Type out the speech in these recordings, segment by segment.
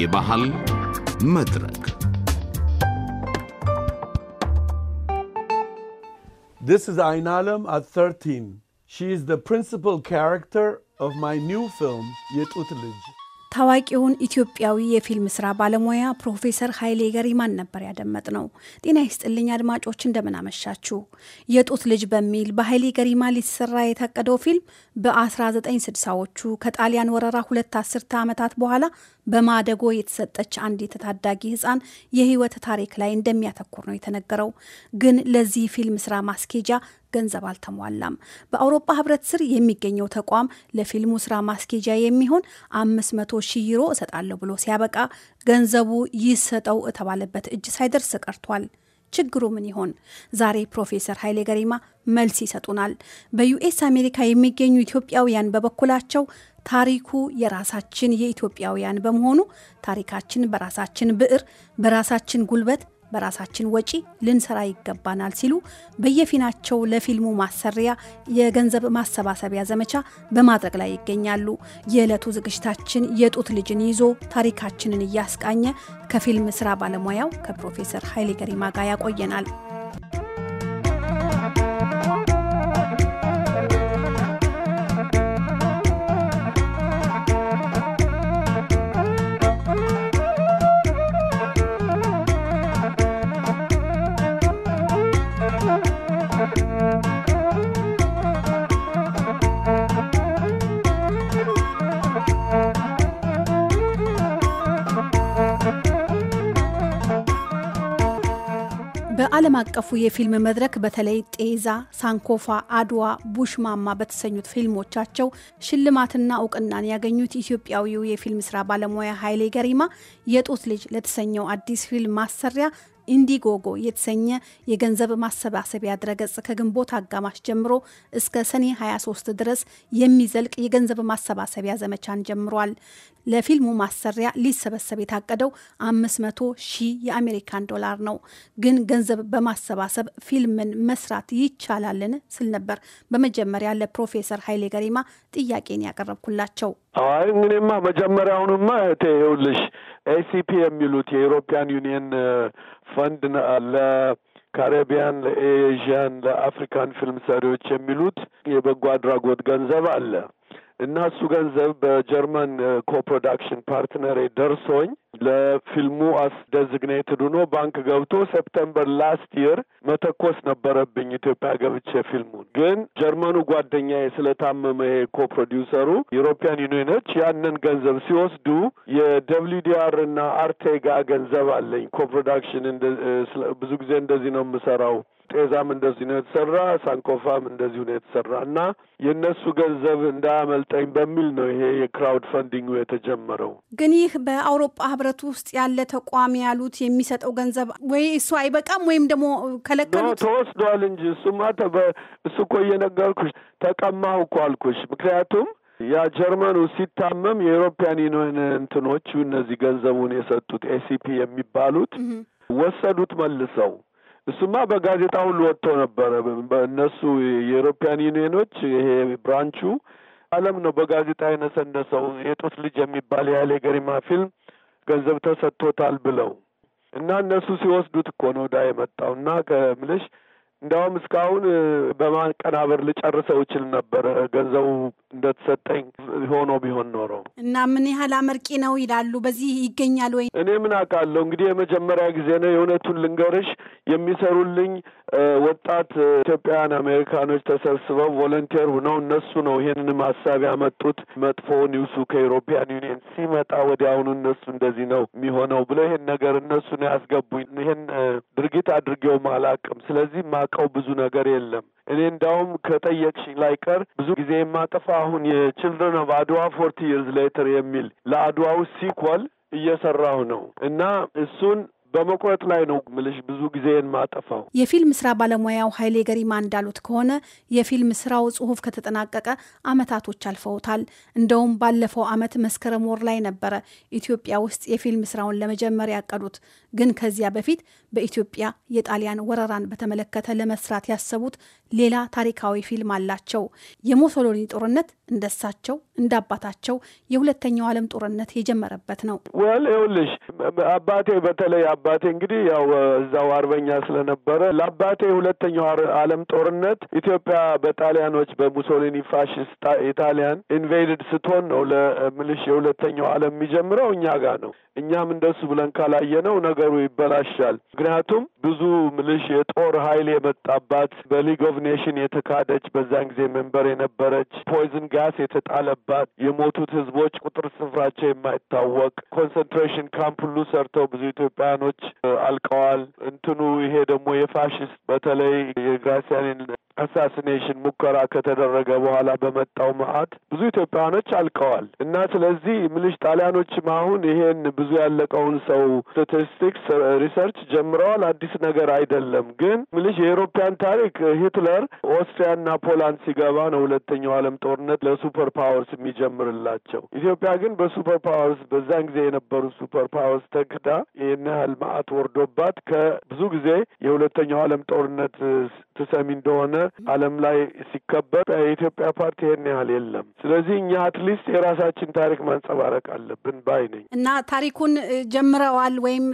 የባህል መድረክ This is Ainalam at 13. She is the principal character of my new film, Yetut Lij. ታዋቂውን ኢትዮጵያዊ የፊልም ስራ ባለሙያ ፕሮፌሰር ኃይሌ ገሪማን ነበር ያደመጥ ነው። ጤና ይስጥልኝ አድማጮች፣ እንደምናመሻችሁ። የጡት ልጅ በሚል በኃይሌ ገሪማ ሊሰራ የታቀደው ፊልም በ1960ዎቹ ከጣሊያን ወረራ ሁለት አስርተ ዓመታት በኋላ በማደጎ የተሰጠች አንዲት ታዳጊ ህፃን የህይወት ታሪክ ላይ እንደሚያተኩር ነው የተነገረው። ግን ለዚህ ፊልም ስራ ማስኬጃ ገንዘብ አልተሟላም። በአውሮፓ ህብረት ስር የሚገኘው ተቋም ለፊልሙ ስራ ማስኬጃ የሚሆን አምስት መቶ ሺህ ዩሮ እሰጣለሁ ብሎ ሲያበቃ ገንዘቡ ይሰጠው የተባለበት እጅ ሳይደርስ ቀርቷል። ችግሩ ምን ይሆን? ዛሬ ፕሮፌሰር ኃይሌ ገሪማ መልስ ይሰጡናል። በዩኤስ አሜሪካ የሚገኙ ኢትዮጵያውያን በበኩላቸው ታሪኩ የራሳችን የኢትዮጵያውያን በመሆኑ ታሪካችን በራሳችን ብዕር፣ በራሳችን ጉልበት በራሳችን ወጪ ልንሰራ ይገባናል ሲሉ በየፊናቸው ለፊልሙ ማሰሪያ የገንዘብ ማሰባሰቢያ ዘመቻ በማድረግ ላይ ይገኛሉ። የዕለቱ ዝግጅታችን የጡት ልጅን ይዞ ታሪካችንን እያስቃኘ ከፊልም ስራ ባለሙያው ከፕሮፌሰር ኃይሌ ገሪማ ጋር ያቆየናል። አቀፉ የፊልም መድረክ በተለይ ጤዛ፣ ሳንኮፋ፣ አድዋ፣ ቡሽማማ በተሰኙት ፊልሞቻቸው ሽልማትና እውቅናን ያገኙት ኢትዮጵያዊው የፊልም ስራ ባለሙያ ኃይሌ ገሪማ የጡት ልጅ ለተሰኘው አዲስ ፊልም ማሰሪያ ኢንዲጎጎ የተሰኘ የገንዘብ ማሰባሰቢያ ድረገጽ ከግንቦት አጋማሽ ጀምሮ እስከ ሰኔ 23 ድረስ የሚዘልቅ የገንዘብ ማሰባሰቢያ ዘመቻን ጀምሯል። ለፊልሙ ማሰሪያ ሊሰበሰብ የታቀደው 500 ሺህ የአሜሪካን ዶላር ነው። ግን ገንዘብ በማሰባሰብ ፊልምን መስራት ይቻላልን ስል ነበር በመጀመሪያ ለፕሮፌሰር ኃይሌ ገሪማ ጥያቄን ያቀረብኩላቸው። አይ እንግዲህማ መጀመሪያውንማ እህቴ ይኸውልሽ ኤሲፒ የሚሉት የኢሮፒያን ዩኒየን ፈንድ ለካሪቢያን፣ ለኤዥያን፣ ለአፍሪካን ፊልም ሰሪዎች የሚሉት የበጎ አድራጎት ገንዘብ አለ። እና እሱ ገንዘብ በጀርመን ኮፕሮዳክሽን ፓርትነሬ ደርሶኝ ለፊልሙ አስደዝግኔትድ ሆኖ ባንክ ገብቶ ሴፕተምበር ላስት ይር መተኮስ ነበረብኝ ኢትዮጵያ ገብቼ ፊልሙን ግን ጀርመኑ ጓደኛዬ ስለታመመ ይሄ ኮፕሮዲውሰሩ ዩሮፒያን ዩኒየኖች ያንን ገንዘብ ሲወስዱ የደብሊዲአር እና አርቴጋ ገንዘብ አለኝ ኮፕሮዳክሽን ብዙ ጊዜ እንደዚህ ነው የምሰራው ጤዛም እንደዚሁ ነው የተሰራ፣ ሳንኮፋም እንደዚሁ ነው የተሰራ እና የእነሱ ገንዘብ እንዳያመልጠኝ በሚል ነው ይሄ የክራውድ ፈንዲንግ የተጀመረው። ግን ይህ በአውሮፓ ህብረት ውስጥ ያለ ተቋም ያሉት የሚሰጠው ገንዘብ ወይ እሱ አይበቃም ወይም ደግሞ ከለከሉት ተወስዷል እንጂ እሱማ እሱ እኮ እየነገርኩሽ ተቀማሁ እኮ አልኩሽ። ምክንያቱም ያ ጀርመኑ ሲታመም የኢሮፓያን ዩኒየን እንትኖቹ እነዚህ ገንዘቡን የሰጡት ኤሲፒ የሚባሉት ወሰዱት መልሰው እሱማ በጋዜጣ ሁሉ ወጥቶ ነበረ። እነሱ የኢሮፒያን ዩኒየኖች ይሄ ብራንቹ አለም ነው በጋዜጣ የነሰነሰው የጡት ልጅ የሚባል የኃይሌ ገሪማ ፊልም ገንዘብ ተሰጥቶታል ብለው እና እነሱ ሲወስዱት እኮ ነው ዳ የመጣው እና ከምልሽ እንዲያውም እስካሁን በማቀናበር ልጨርሰው እችል ነበረ ገንዘቡ እንደተሰጠኝ ሆኖ ቢሆን ኖሮ እና ምን ያህል አመርቂ ነው ይላሉ። በዚህ ይገኛል ወይ? እኔ ምን አውቃለሁ። እንግዲህ የመጀመሪያ ጊዜ ነው። የእውነቱን ልንገርሽ የሚሰሩልኝ ወጣት ኢትዮጵያውያን አሜሪካኖች ተሰብስበው ቮለንቲር ሁነው እነሱ ነው ይሄንንም ሀሳብ ያመጡት። መጥፎ ኒውሱ ከኤሮፒያን ዩኒየን ሲመጣ ወዲያውኑ እነሱ እንደዚህ ነው የሚሆነው ብለው ይሄን ነገር እነሱ ነው ያስገቡኝ። ይሄን ድርጊት አድርጌውም አላውቅም። ስለዚህ የማውቀው ብዙ ነገር የለም። እኔ እንዳውም ከጠየቅሽኝ ላይቀር ብዙ ጊዜ የማጠፋ አሁን የችልድረን ኦፍ አድዋ ፎርቲ ይርዝ ሌተር የሚል ለአድዋው ሲኳል እየሰራሁ ነው እና እሱን በመቁረጥ ላይ ነው ምልሽ ብዙ ጊዜን ማጠፋው። የፊልም ስራ ባለሙያው ኃይሌ ገሪማ እንዳሉት ከሆነ የፊልም ስራው ጽሁፍ ከተጠናቀቀ አመታቶች አልፈውታል። እንደውም ባለፈው አመት መስከረም ወር ላይ ነበረ ኢትዮጵያ ውስጥ የፊልም ስራውን ለመጀመር ያቀዱት። ግን ከዚያ በፊት በኢትዮጵያ የጣሊያን ወረራን በተመለከተ ለመስራት ያሰቡት ሌላ ታሪካዊ ፊልም አላቸው። የሞሶሎኒ ጦርነት እንደሳቸው እንደ አባታቸው የሁለተኛው ዓለም ጦርነት የጀመረበት ነው። ወል ይኸውልሽ አባቴ በተለይ አባቴ እንግዲህ ያው እዛው አርበኛ ስለነበረ ለአባቴ ሁለተኛው ዓለም ጦርነት ኢትዮጵያ በጣሊያኖች በሙሶሊኒ ፋሽስት ኢታሊያን ኢንቬይድድ ስትሆን ነው ለምልሽ የሁለተኛው ዓለም የሚጀምረው እኛ ጋር ነው። እኛም እንደሱ ብለን ካላየነው ነገሩ ይበላሻል። ምክንያቱም ብዙ ምልሽ የጦር ኃይል የመጣባት በሊግ ኦፍ ኔሽን የተካደች በዛን ጊዜ መንበር የነበረች ፖይዝን ጋስ የተጣለባት የሞቱት ህዝቦች ቁጥር ስፍራቸው የማይታወቅ ኮንሰንትሬሽን ካምፕ ሁሉ ሰርተው ብዙ ኢትዮጵያውያኖች አልቀዋል። እንትኑ ይሄ ደግሞ የፋሽስት በተለይ የግራሲያኒን አሳሲኔሽን ሙከራ ከተደረገ በኋላ በመጣው መዓት ብዙ ኢትዮጵያውያኖች አልቀዋል እና ስለዚህ ምልሽ ጣሊያኖችም አሁን ይሄን ብዙ ያለቀውን ሰው ስታቲስቲክስ ሪሰርች ጀምረዋል። አዲስ ነገር አይደለም። ግን ምልሽ የአውሮፓን ታሪክ ሂትለር ኦስትሪያና ፖላንድ ሲገባ ነው ሁለተኛው ዓለም ጦርነት ለሱፐር ፓወርስ የሚጀምርላቸው። ኢትዮጵያ ግን በሱፐር ፓወርስ በዛን ጊዜ የነበሩ ሱፐር ፓወርስ ተክዳ ይህን ያህል ወርዶባት ከብዙ ጊዜ የሁለተኛው ዓለም ጦርነት ትሰሚ እንደሆነ ዓለም ላይ ሲከበር የኢትዮጵያ ፓርቲ ይህን ያህል የለም። ስለዚህ እኛ አትሊስት የራሳችን ታሪክ ማንጸባረቅ አለብን ባይ ነኝ እና ታሪክ ታሪኩን ጀምረዋል ወይም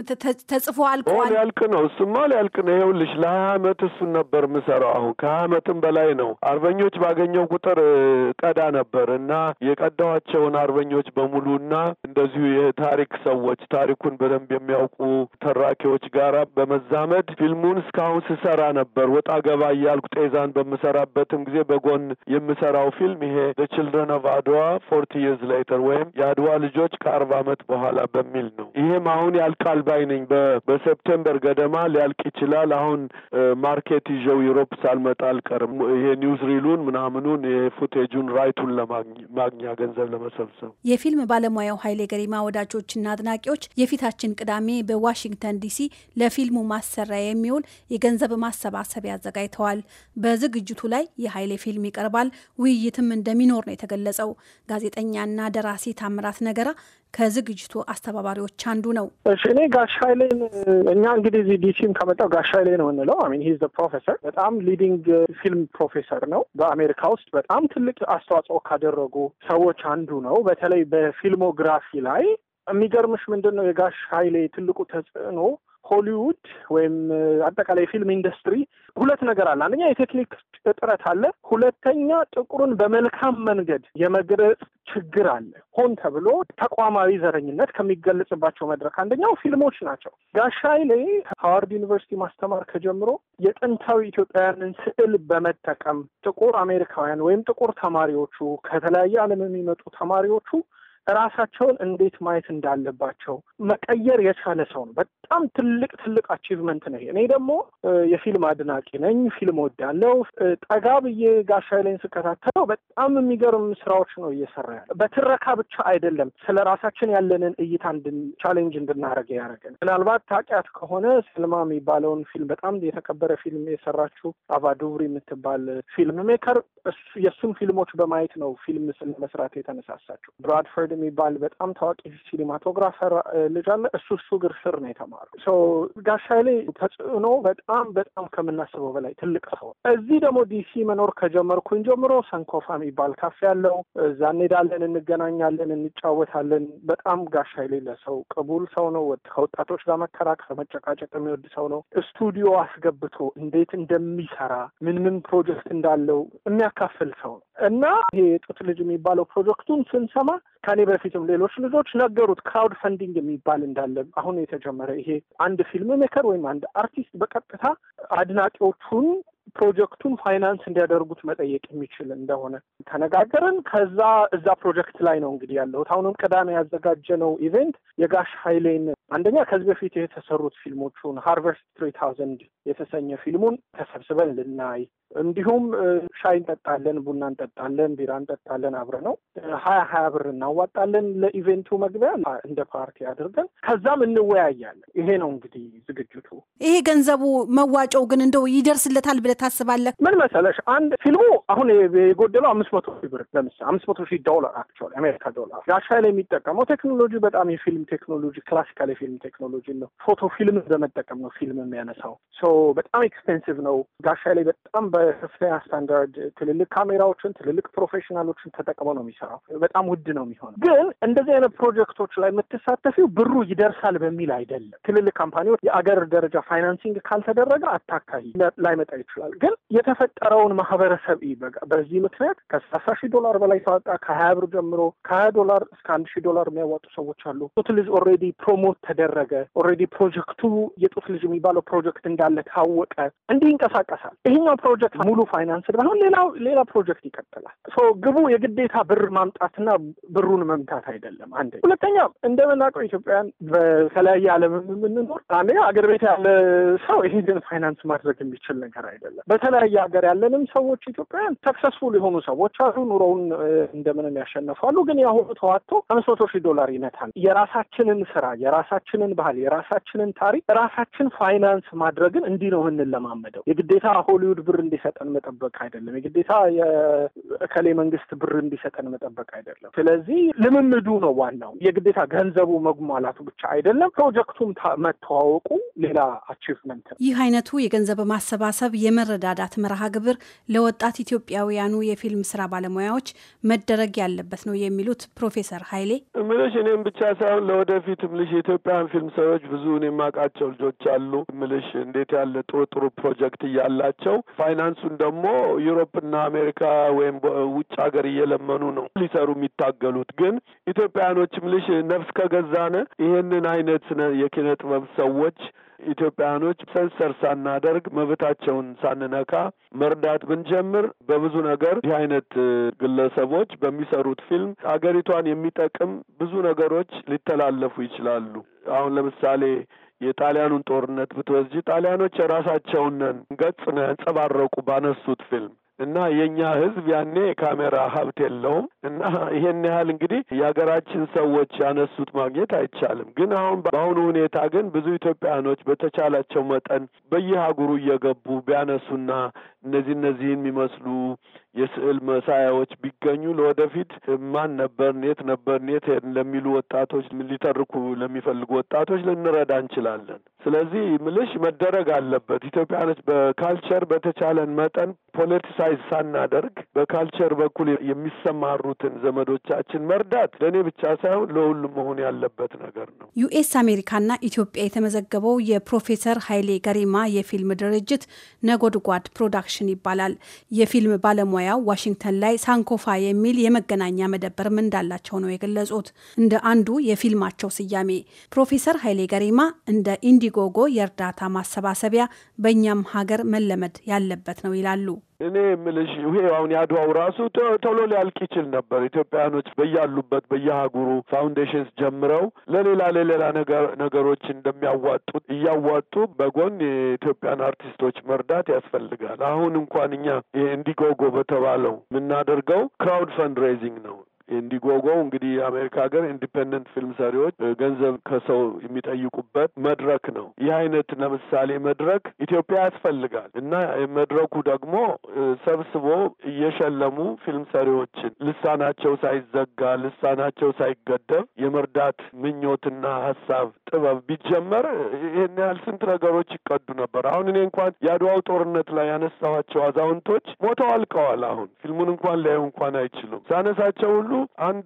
ተጽፎ አልቀዋል? ሊያልቅ ነው። እሱማ ሊያልቅ ነው። ይኸውልሽ ለሀያ አመት እሱን ነበር የምሰራው። አሁን ከሀያ አመትም በላይ ነው። አርበኞች ባገኘው ቁጥር ቀዳ ነበር እና የቀዳዋቸውን አርበኞች በሙሉ እና እንደዚሁ የታሪክ ሰዎች ታሪኩን በደንብ የሚያውቁ ተራኪዎች ጋራ በመዛመድ ፊልሙን እስካሁን ስሰራ ነበር። ወጣ ገባ እያልኩ ጤዛን በምሰራበትም ጊዜ በጎን የምሰራው ፊልም ይሄ ችልድረን ኦፍ አድዋ ፎርቲ የርስ ሌተር ወይም የአድዋ ልጆች ከአርባ አመት በኋላ በሚ የሚል ነው። ይሄም አሁን ያልቃል ባይ ነኝ። በሴፕቴምበር ገደማ ሊያልቅ ይችላል። አሁን ማርኬት ይዘው ዩሮፕ ሳልመጣ አልቀርም። ይሄ ኒውዝ ሪሉን ምናምኑን የፉቴጁን ራይቱን ለማግኛ ገንዘብ ለመሰብሰብ የፊልም ባለሙያው ኃይሌ ገሪማ ወዳጆችና አድናቂዎች የፊታችን ቅዳሜ በዋሽንግተን ዲሲ ለፊልሙ ማሰሪያ የሚውል የገንዘብ ማሰባሰቢያ አዘጋጅተዋል። በዝግጅቱ ላይ የኃይሌ ፊልም ይቀርባል። ውይይትም እንደሚኖር ነው የተገለጸው። ጋዜጠኛና ደራሲ ታምራት ነገራ ከዝግጅቱ አስተባባሪዎች አንዱ ነው። እሺ እኔ ጋሽ ኃይሌን እኛ እንግዲህ እዚህ ዲሲም ከመጣው ጋሽ ኃይሌ ነው እንለው ሂዝ ፕሮፌሰር በጣም ሊዲንግ ፊልም ፕሮፌሰር ነው። በአሜሪካ ውስጥ በጣም ትልቅ አስተዋጽኦ ካደረጉ ሰዎች አንዱ ነው። በተለይ በፊልሞግራፊ ላይ የሚገርምሽ ምንድን ነው የጋሽ ኃይሌ ትልቁ ተጽዕኖ ሆሊውድ ወይም አጠቃላይ የፊልም ኢንዱስትሪ ሁለት ነገር አለ። አንደኛ የቴክኒክ እጥረት አለ። ሁለተኛ ጥቁሩን በመልካም መንገድ የመግለጽ ችግር አለ። ሆን ተብሎ ተቋማዊ ዘረኝነት ከሚገለጽባቸው መድረክ አንደኛው ፊልሞች ናቸው። ጋሽ ኃይሌ ሃዋርድ ዩኒቨርሲቲ ማስተማር ከጀምሮ የጥንታዊ ኢትዮጵያውያንን ስዕል በመጠቀም ጥቁር አሜሪካውያን ወይም ጥቁር ተማሪዎቹ ከተለያየ ዓለም የሚመጡ ተማሪዎቹ ራሳቸውን እንዴት ማየት እንዳለባቸው መቀየር የቻለ ሰው ነው። በጣም ትልቅ ትልቅ አቺቭመንት ነው። እኔ ደግሞ የፊልም አድናቂ ነኝ። ፊልም ወዳለው ጠጋ ብዬ ጋሻ ስከታተለው በጣም የሚገርም ስራዎች ነው እየሰራ ያለ። በትረካ ብቻ አይደለም ስለ ራሳችን ያለንን እይታ ቻሌንጅ እንድናደረገ ያደረገን። ምናልባት ታውቂያት ከሆነ ስልማ የሚባለውን ፊልም በጣም የተከበረ ፊልም የሰራችው አቫዱብሪ የምትባል ፊልም ሜከር የእሱን ፊልሞች በማየት ነው ፊልም ስለመስራት የተነሳሳችው ብራድፈርድ የሚባል በጣም ታዋቂ ሲኒማቶግራፈር ልጅ አለ። እሱ እሱ ግር ስር ነው የተማረው ሰው ጋሽ ኃይሌ ተጽዕኖ በጣም በጣም ከምናስበው በላይ ትልቅ ሰው። እዚህ ደግሞ ዲሲ መኖር ከጀመርኩኝ ጀምሮ ሰንኮፋ የሚባል ካፌ ያለው እዛ እንሄዳለን፣ እንገናኛለን፣ እንጫወታለን። በጣም ጋሽ ኃይሌ ለሰው ቅቡል ሰው ነው። ከወጣቶች ጋር መከራከር፣ መጨቃጨቅ የሚወድ ሰው ነው። ስቱዲዮ አስገብቶ እንዴት እንደሚሰራ ምን ምን ፕሮጀክት እንዳለው የሚያካፍል ሰው ነው። እና ይሄ የጡት ልጅ የሚባለው ፕሮጀክቱን ስንሰማ ከኔ በፊትም ሌሎች ልጆች ነገሩት። ክራውድ ፈንዲንግ የሚባል እንዳለ አሁን የተጀመረ ይሄ አንድ ፊልም ሜከር ወይም አንድ አርቲስት በቀጥታ አድናቂዎቹን ፕሮጀክቱን ፋይናንስ እንዲያደርጉት መጠየቅ የሚችል እንደሆነ ተነጋገርን። ከዛ እዛ ፕሮጀክት ላይ ነው እንግዲህ ያለሁት። አሁንም ቅዳሜ ያዘጋጀነው ኢቨንት የጋሽ ኃይሌን አንደኛ ከዚህ በፊት የተሰሩት ፊልሞቹን ሃርቨስት ትሪ ታውዘንድ የተሰኘ ፊልሙን ተሰብስበን ልናይ እንዲሁም ሻይ እንጠጣለን፣ ቡና እንጠጣለን፣ ቢራ እንጠጣለን አብረ ነው ሀያ ሀያ ብር እናዋጣለን ለኢቬንቱ መግቢያ እንደ ፓርቲ አድርገን ከዛም እንወያያለን። ይሄ ነው እንግዲህ ዝግጅቱ። ይሄ ገንዘቡ መዋጮው ግን እንደው ይደርስለታል ብለ ታስባለህ? ምን መሰለሽ አንድ ፊልሙ አሁን የጎደለው አምስት መቶ ሺህ ብር ለምሳ አምስት መቶ ሺህ ዶላር አክቹዋሊ አሜሪካ ዶላር ጋሻ ላይ የሚጠቀመው ቴክኖሎጂ በጣም የፊልም ቴክኖሎጂ ክላሲካል የፊልም ቴክኖሎጂ ነው። ፎቶ ፊልም በመጠቀም ነው ፊልም የሚያነሳው። ሶ በጣም ኤክስፔንሲቭ ነው። ጋሻ ላይ በጣም በከፍተኛ ስታንዳርድ ትልልቅ ካሜራዎችን ትልልቅ ፕሮፌሽናሎችን ተጠቅመው ነው የሚሰራው። በጣም ውድ ነው የሚሆነው። ግን እንደዚህ አይነት ፕሮጀክቶች ላይ የምትሳተፊው ብሩ ይደርሳል በሚል አይደለም። ትልልቅ ካምፓኒዎች የአገር ደረጃ ፋይናንሲንግ ካልተደረገ አታካሂ ላይመጣ ይችላል። ግን የተፈጠረውን ማህበረሰብ በዚህ ምክንያት ከሰላሳ ሺህ ዶላር በላይ ታወጣ ከሀያ ብር ጀምሮ ከሀያ ዶላር እስከ አንድ ሺህ ዶላር የሚያዋጡ ሰዎች አሉ። ጡት ልጅ ኦልሬዲ ፕሮሞት ተደረገ። ኦልሬዲ ፕሮጀክቱ የጡት ልጅ የሚባለው ፕሮጀክት እንዳለ ታወቀ። እንዲህ ይንቀሳቀሳል። ይህኛው ፕሮጀክት ሙሉ ፋይናንስ ባይሆን ሌላው ሌላ ፕሮጀክት ይቀጥላል። ግቡ የግዴታ ብር ማምጣትና ብሩን መምታት አይደለም። አንድ ሁለተኛ እንደምናውቀው ኢትዮጵያውያን በተለያየ ዓለም የምንኖር አንደኛ አገር ቤት ያለ ሰው ይህንን ፋይናንስ ማድረግ የሚችል ነገር አይደለም። እንችላለን። በተለያየ ሀገር ያለንም ሰዎች ኢትዮጵያውያን ሰክሰስፉል የሆኑ ሰዎች አሉ፣ ኑሮውን እንደምንም ያሸነፋሉ። ግን የአሁኑ ተዋቶ አምስት መቶ ሺህ ዶላር ይነታል። የራሳችንን ስራ፣ የራሳችንን ባህል፣ የራሳችንን ታሪክ፣ ራሳችን ፋይናንስ ማድረግን እንዲህ ነው የምንለማመደው። የግዴታ ሆሊውድ ብር እንዲሰጠን መጠበቅ አይደለም። የግዴታ የእከሌ መንግስት ብር እንዲሰጠን መጠበቅ አይደለም። ስለዚህ ልምምዱ ነው ዋናው። የግዴታ ገንዘቡ መጉማላቱ ብቻ አይደለም፣ ፕሮጀክቱም መተዋወቁ ሌላ አቺቭመንት ነው። ይህ አይነቱ የገንዘብ ማሰባሰብ የመ የመረዳዳት መርሃ ግብር ለወጣት ኢትዮጵያውያኑ የፊልም ስራ ባለሙያዎች መደረግ ያለበት ነው የሚሉት ፕሮፌሰር ኃይሌ ምልሽ እኔም ብቻ ሳይሆን ለወደፊት ምልሽ የኢትዮጵያን ፊልም ሰዎች ብዙ እኔ የማውቃቸው ልጆች አሉ ምልሽ እንዴት ያለ ጥሩ ጥሩ ፕሮጀክት እያላቸው ፋይናንሱን ደግሞ ዩሮፕና አሜሪካ ወይም ውጭ ሀገር እየለመኑ ነው ሊሰሩ የሚታገሉት ግን ኢትዮጵያኖች ምልሽ ነፍስ ከገዛነ ይሄንን አይነት የኪነ ጥበብ ሰዎች ኢትዮጵያውያኖች ሰንሰር ሳናደርግ መብታቸውን ሳንነካ መርዳት ብንጀምር በብዙ ነገር ይህ አይነት ግለሰቦች በሚሰሩት ፊልም አገሪቷን የሚጠቅም ብዙ ነገሮች ሊተላለፉ ይችላሉ። አሁን ለምሳሌ የጣሊያኑን ጦርነት ብትወስጂ ጣሊያኖች የራሳቸውን ገጽ ነው ያንጸባረቁ ባነሱት ፊልም። እና የእኛ ህዝብ ያኔ የካሜራ ሀብት የለውም እና ይሄን ያህል እንግዲህ የሀገራችን ሰዎች ያነሱት ማግኘት አይቻልም። ግን አሁን በአሁኑ ሁኔታ ግን ብዙ ኢትዮጵያኖች በተቻላቸው መጠን በየሀገሩ እየገቡ ቢያነሱና እነዚህ እነዚህን የሚመስሉ የስዕል መሳያዎች ቢገኙ ለወደፊት ማን ነበር፣ ኔት ነበር፣ ኔት ለሚሉ ወጣቶች፣ ሊተርኩ ለሚፈልጉ ወጣቶች ልንረዳ እንችላለን። ስለዚህ ምልሽ መደረግ አለበት። ኢትዮጵያኖች በካልቸር በተቻለን መጠን ፖለቲሳይዝ ሳናደርግ በካልቸር በኩል የሚሰማሩትን ዘመዶቻችን መርዳት ለእኔ ብቻ ሳይሆን ለሁሉም መሆን ያለበት ነገር ነው። ዩኤስ አሜሪካና ኢትዮጵያ የተመዘገበው የፕሮፌሰር ሀይሌ ገሪማ የፊልም ድርጅት ነጎድጓድ ፕሮዳክሽን ፕሮዳክሽን ይባላል። የፊልም ባለሙያው ዋሽንግተን ላይ ሳንኮፋ የሚል የመገናኛ መደብርም እንዳላቸው ነው የገለጹት። እንደ አንዱ የፊልማቸው ስያሜ ፕሮፌሰር ኃይሌ ገሪማ እንደ ኢንዲጎጎ የእርዳታ ማሰባሰቢያ በእኛም ሀገር መለመድ ያለበት ነው ይላሉ። እኔ የምልሽ ይሄ አሁን የአድዋው ራሱ ቶሎ ሊያልቅ ይችል ነበር። ኢትዮጵያውያኖች በያሉበት በየሀገሩ ፋውንዴሽንስ ጀምረው ለሌላ ለሌላ ነገሮች እንደሚያዋጡ እያዋጡ በጎን የኢትዮጵያን አርቲስቶች መርዳት ያስፈልጋል። አሁን እንኳን እኛ እንዲጎጎ ኢንዲጎጎ በተባለው የምናደርገው ክራውድ ፈንድሬዚንግ ነው። ኢንዲጎጎው እንግዲህ የአሜሪካ ሀገር ኢንዲፔንደንት ፊልም ሰሪዎች ገንዘብ ከሰው የሚጠይቁበት መድረክ ነው። ይህ አይነት ለምሳሌ መድረክ ኢትዮጵያ ያስፈልጋል እና መድረኩ ደግሞ ሰብስቦ እየሸለሙ ፊልም ሰሪዎችን ልሳናቸው ሳይዘጋ ልሳናቸው ሳይገደብ የመርዳት ምኞትና ሀሳብ ጥበብ ቢጀመር ይህን ያህል ስንት ነገሮች ይቀዱ ነበር። አሁን እኔ እንኳን የአድዋው ጦርነት ላይ ያነሳኋቸው አዛውንቶች ሞተው አልቀዋል። አሁን ፊልሙን እንኳን ሊያዩ እንኳን አይችሉም። ሳነሳቸው ሁሉ አንድ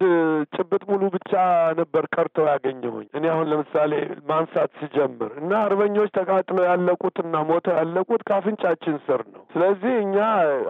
ጭብጥ ሙሉ ብቻ ነበር ቀርተው ያገኘሁኝ። እኔ አሁን ለምሳሌ ማንሳት ሲጀምር እና አርበኞች ተቃጥለው ያለቁት እና ሞተው ያለቁት ካፍንጫችን ስር ነው። ስለዚህ እኛ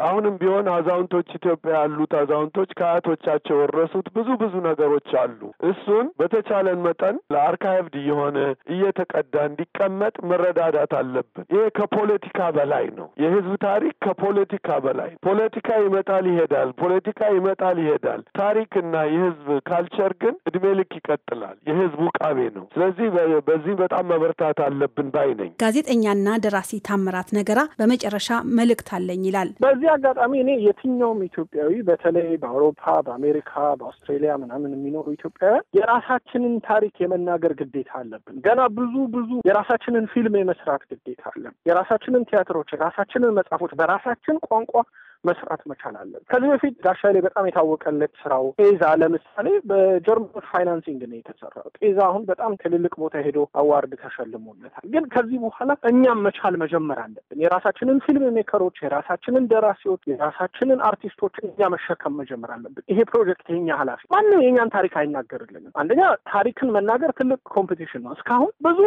አሁንም ቢሆን አዛውንቶች ኢትዮጵያ ያሉት አዛውንቶች ከአያቶቻቸው የወረሱት ብዙ ብዙ ነገሮች አሉ። እሱን በተቻለን መጠን ለአርካይቭድ እየሆነ እየተቀዳ እንዲቀመጥ መረዳዳት አለብን። ይሄ ከፖለቲካ በላይ ነው። የህዝብ ታሪክ ከፖለቲካ በላይ ፖለቲካ ይመጣል ይሄዳል፣ ፖለቲካ ይመጣል ይሄዳል። ታሪክ ታሪክና የህዝብ ካልቸር ግን እድሜ ልክ ይቀጥላል። የህዝቡ ቃቤ ነው። ስለዚህ በዚህ በጣም መበርታት አለብን ባይ ነኝ። ጋዜጠኛና ደራሲ ታምራት ነገራ በመጨረሻ መልእክት አለኝ ይላል። በዚህ አጋጣሚ እኔ የትኛውም ኢትዮጵያዊ በተለይ በአውሮፓ፣ በአሜሪካ፣ በአውስትሬሊያ ምናምን የሚኖሩ ኢትዮጵያውያን የራሳችንን ታሪክ የመናገር ግዴታ አለብን። ገና ብዙ ብዙ የራሳችንን ፊልም የመስራት ግዴታ አለን። የራሳችንን ቲያትሮች፣ የራሳችንን መጽሐፎች በራሳችን ቋንቋ መስራት መቻል አለ ከዚህ በፊት ጋሻ ላይ በጣም የታወቀለት ስራው ጤዛ ለምሳሌ በጀርመን ፋይናንሲንግ ነው የተሰራው። ጤዛ አሁን በጣም ትልልቅ ቦታ ሄዶ አዋርድ ተሸልሞለታል። ግን ከዚህ በኋላ እኛም መቻል መጀመር አለብን። የራሳችንን ፊልም ሜከሮች፣ የራሳችንን ደራሲዎች፣ የራሳችንን አርቲስቶች እኛ መሸከም መጀመር አለብን። ይሄ ፕሮጀክት የኛ ኃላፊ ማንም የእኛን ታሪክ አይናገርልንም። አንደኛ ታሪክን መናገር ትልቅ ኮምፒቲሽን ነው። እስካሁን ብዙ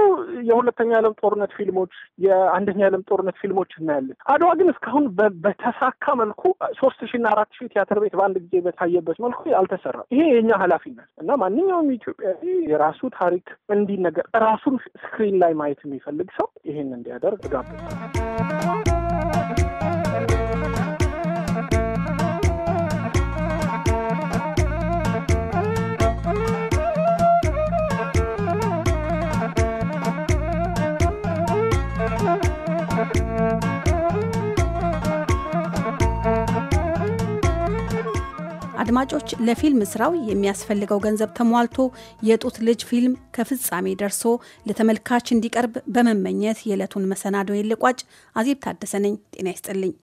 የሁለተኛ ዓለም ጦርነት ፊልሞች፣ የአንደኛ ዓለም ጦርነት ፊልሞች እናያለን። አድዋ ግን እስካሁን በተሳካ መልኩ ሶስት ሺና አራት ሺ ቲያትር ቤት በአንድ ጊዜ በታየበት መልኩ አልተሰራም። ይሄ የኛ ኃላፊነት እና ማንኛውም ኢትዮጵያዊ የራሱ ታሪክ እንዲነገር ራሱን ስክሪን ላይ ማየት የሚፈልግ ሰው ይህን እንዲያደርግ ጋብዛል። አድማጮች ለፊልም ስራው የሚያስፈልገው ገንዘብ ተሟልቶ የጡት ልጅ ፊልም ከፍጻሜ ደርሶ ለተመልካች እንዲቀርብ በመመኘት የዕለቱን መሰናዶ የልቋጭ አዜብ ታደሰ ነኝ። ጤና ይስጥልኝ።